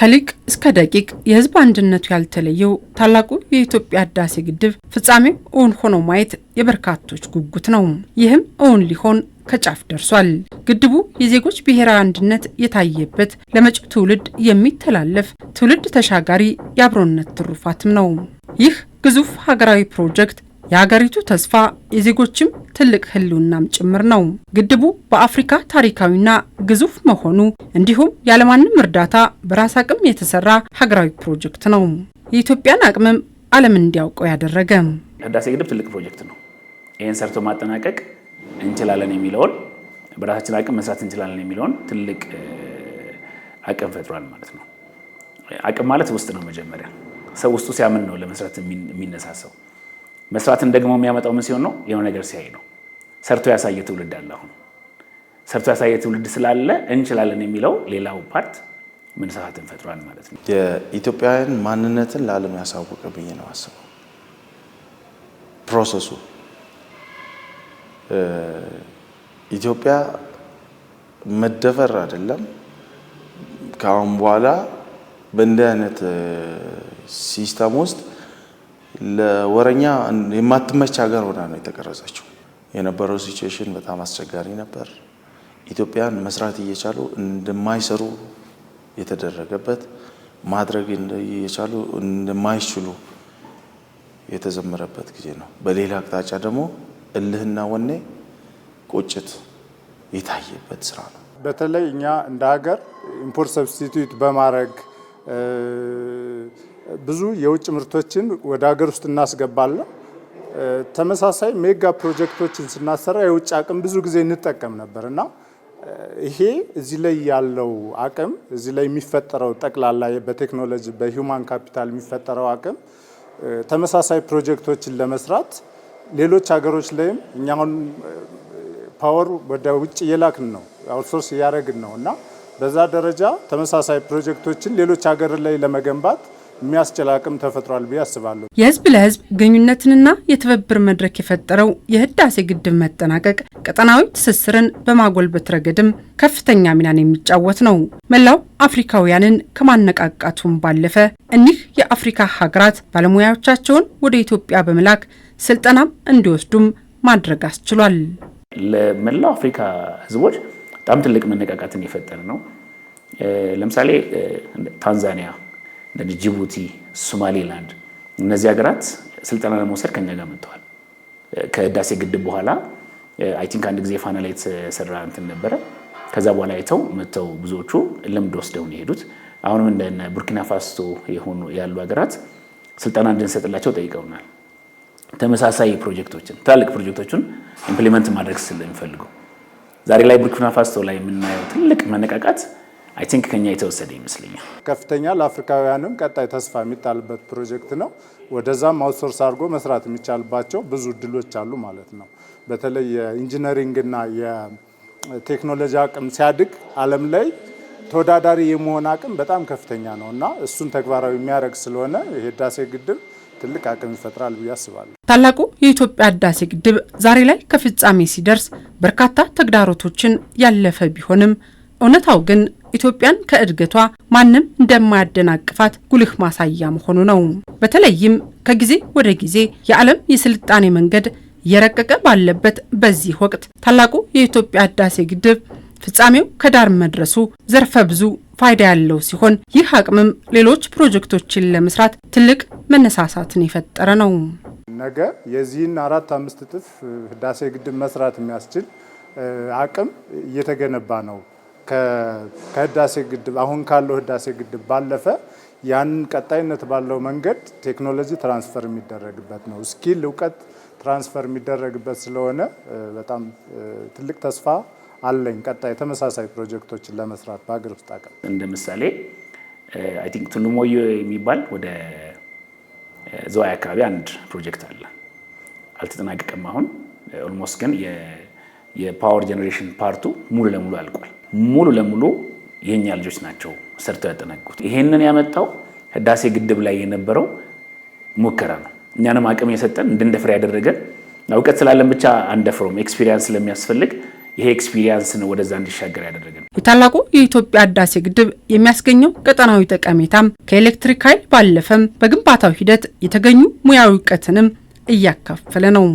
ከሊቅ እስከ ደቂቅ የህዝብ አንድነቱ ያልተለየው ታላቁ የኢትዮጵያ ህዳሴ ግድብ ፍጻሜው እውን ሆኖ ማየት የበርካቶች ጉጉት ነው። ይህም እውን ሊሆን ከጫፍ ደርሷል። ግድቡ የዜጎች ብሔራዊ አንድነት የታየበት፣ ለመጪው ትውልድ የሚተላለፍ ትውልድ ተሻጋሪ የአብሮነት ትሩፋትም ነው። ይህ ግዙፍ ሀገራዊ ፕሮጀክት የሀገሪቱ ተስፋ የዜጎችም ትልቅ ህልውናም ጭምር ነው። ግድቡ በአፍሪካ ታሪካዊና ግዙፍ መሆኑ እንዲሁም ያለማንም እርዳታ በራስ አቅም የተሰራ ሀገራዊ ፕሮጀክት ነው። የኢትዮጵያን አቅምም ዓለም እንዲያውቀው ያደረገ ህዳሴ ግድብ ትልቅ ፕሮጀክት ነው። ይህን ሰርቶ ማጠናቀቅ እንችላለን የሚለውን በራሳችን አቅም መስራት እንችላለን የሚለውን ትልቅ አቅም ፈጥሯል ማለት ነው። አቅም ማለት ውስጥ ነው። መጀመሪያ ሰው ውስጡ ሲያምን ነው ለመስራት የሚነሳሰው መስራትን ደግሞ የሚያመጣው ምን ሲሆን ነው? የሆነ ነገር ሲያይ ነው። ሰርቶ ያሳየ ትውልድ አለ። አሁን ሰርቶ ያሳየ ትውልድ ስላለ እንችላለን የሚለው ሌላው ፓርት መነሳሳትን ፈጥሯል ማለት ነው። የኢትዮጵያውያን ማንነትን ለዓለም ያሳወቀ ብዬ ነው አስበው ፕሮሰሱ ኢትዮጵያ መደፈር አይደለም ከአሁን በኋላ በእንዲህ አይነት ሲስተም ውስጥ ለወረኛ የማትመች ሀገር ሆና ነው የተቀረጸችው። የነበረው ሲቹዌሽን በጣም አስቸጋሪ ነበር። ኢትዮጵያን መስራት እየቻሉ እንደማይሰሩ የተደረገበት ማድረግ እየቻሉ እንደማይችሉ የተዘመረበት ጊዜ ነው። በሌላ አቅጣጫ ደግሞ እልህና ወኔ፣ ቁጭት የታየበት ስራ ነው። በተለይ እኛ እንደ ሀገር ኢምፖርት ሰብስቲቱት በማድረግ ብዙ የውጭ ምርቶችን ወደ ሀገር ውስጥ እናስገባለን። ተመሳሳይ ሜጋ ፕሮጀክቶችን ስናሰራ የውጭ አቅም ብዙ ጊዜ እንጠቀም ነበር እና ይሄ እዚህ ላይ ያለው አቅም እዚህ ላይ የሚፈጠረው ጠቅላላ በቴክኖሎጂ በሂውማን ካፒታል የሚፈጠረው አቅም ተመሳሳይ ፕሮጀክቶችን ለመስራት ሌሎች ሀገሮች ላይም እኛ አሁን ፓወር ወደ ውጭ እየላክን ነው፣ አውትሶርስ እያደረግን ነው እና በዛ ደረጃ ተመሳሳይ ፕሮጀክቶችን ሌሎች ሀገር ላይ ለመገንባት የሚያስችል አቅም ተፈጥሯል ብዬ አስባለሁ። የህዝብ ለህዝብ ግንኙነትንና የትብብር መድረክ የፈጠረው የህዳሴ ግድብ መጠናቀቅ ቀጠናዊ ትስስርን በማጎልበት ረገድም ከፍተኛ ሚናን የሚጫወት ነው። መላው አፍሪካውያንን ከማነቃቃቱም ባለፈ እኒህ የአፍሪካ ሀገራት ባለሙያዎቻቸውን ወደ ኢትዮጵያ በመላክ ስልጠናም እንዲወስዱም ማድረግ አስችሏል። ለመላው አፍሪካ ህዝቦች በጣም ትልቅ መነቃቃትን የፈጠረ ነው። ለምሳሌ ታንዛኒያ እንደ ጅቡቲ፣ ሶማሌላንድ እነዚህ ሀገራት ስልጠና ለመውሰድ ከኛ ጋር መጥተዋል። ከህዳሴ ግድብ በኋላ አይ ቲንክ አንድ ጊዜ ፋና ላይ የተሰራ እንትን ነበረ። ከዛ በኋላ አይተው መጥተው ብዙዎቹ ልምድ ወስደው ነው የሄዱት። አሁንም እንደ ቡርኪና ፋሶ የሆኑ ያሉ ሀገራት ስልጠና እንድንሰጥላቸው ጠይቀውናል። ተመሳሳይ ፕሮጀክቶችን ትላልቅ ፕሮጀክቶችን ኢምፕሊመንት ማድረግ ስለሚፈልጉ ዛሬ ላይ ቡርኪና ፋሶ ላይ የምናየው ትልቅ መነቃቃት አይ ቲንክ ከኛ የተወሰደ ይመስለኛል። ከፍተኛ ለአፍሪካውያንም ቀጣይ ተስፋ የሚጣልበት ፕሮጀክት ነው። ወደዛም አውትሶርስ አድርጎ መስራት የሚቻልባቸው ብዙ እድሎች አሉ ማለት ነው። በተለይ የኢንጂነሪንግና የቴክኖሎጂ አቅም ሲያድግ ዓለም ላይ ተወዳዳሪ የመሆን አቅም በጣም ከፍተኛ ነው እና እሱን ተግባራዊ የሚያደርግ ስለሆነ የህዳሴ ግድብ ትልቅ አቅም ይፈጥራል ብዬ አስባለሁ። ታላቁ የኢትዮጵያ ህዳሴ ግድብ ዛሬ ላይ ከፍጻሜ ሲደርስ በርካታ ተግዳሮቶችን ያለፈ ቢሆንም እውነታው ግን ኢትዮጵያን ከእድገቷ ማንም እንደማያደናቅፋት ጉልህ ማሳያ መሆኑ ነው። በተለይም ከጊዜ ወደ ጊዜ የዓለም የስልጣኔ መንገድ እየረቀቀ ባለበት በዚህ ወቅት ታላቁ የኢትዮጵያ ህዳሴ ግድብ ፍጻሜው ከዳር መድረሱ ዘርፈ ብዙ ፋይዳ ያለው ሲሆን ይህ አቅምም ሌሎች ፕሮጀክቶችን ለመስራት ትልቅ መነሳሳትን የፈጠረ ነው። ነገ የዚህን አራት አምስት እጥፍ ህዳሴ ግድብ መስራት የሚያስችል አቅም እየተገነባ ነው። ከህዳሴ ግድብ አሁን ካለው ህዳሴ ግድብ ባለፈ ያንን ቀጣይነት ባለው መንገድ ቴክኖሎጂ ትራንስፈር የሚደረግበት ነው። ስኪል እውቀት ትራንስፈር የሚደረግበት ስለሆነ በጣም ትልቅ ተስፋ አለኝ። ቀጣይ ተመሳሳይ ፕሮጀክቶችን ለመስራት በሀገር ውስጥ አቅም እንደ ምሳሌ አይ ቲንክ ቱሉ የሚባል ወደ ዝዋይ አካባቢ አንድ ፕሮጀክት አለ። አልተጠናቀቀም አሁን ኦልሞስት ግን የፓወር ጀኔሬሽን ፓርቱ ሙሉ ለሙሉ አልቋል። ሙሉ ለሙሉ የእኛ ልጆች ናቸው ሰርተው ያጠናቀቁት። ይሄንን ያመጣው ህዳሴ ግድብ ላይ የነበረው ሙከራ ነው። እኛንም አቅም የሰጠን እንድንደፍር ያደረገን እውቀት ስላለን ብቻ አንደፍሮም፣ ኤክስፒሪያንስ ስለሚያስፈልግ ይሄ ኤክስፒሪያንስን ወደዛ እንዲሻገር ያደረገን የታላቁ የኢትዮጵያ ህዳሴ ግድብ የሚያስገኘው ቀጠናዊ ጠቀሜታም ከኤሌክትሪክ ኃይል ባለፈም በግንባታው ሂደት የተገኙ ሙያዊ እውቀትንም እያካፈለ ነው።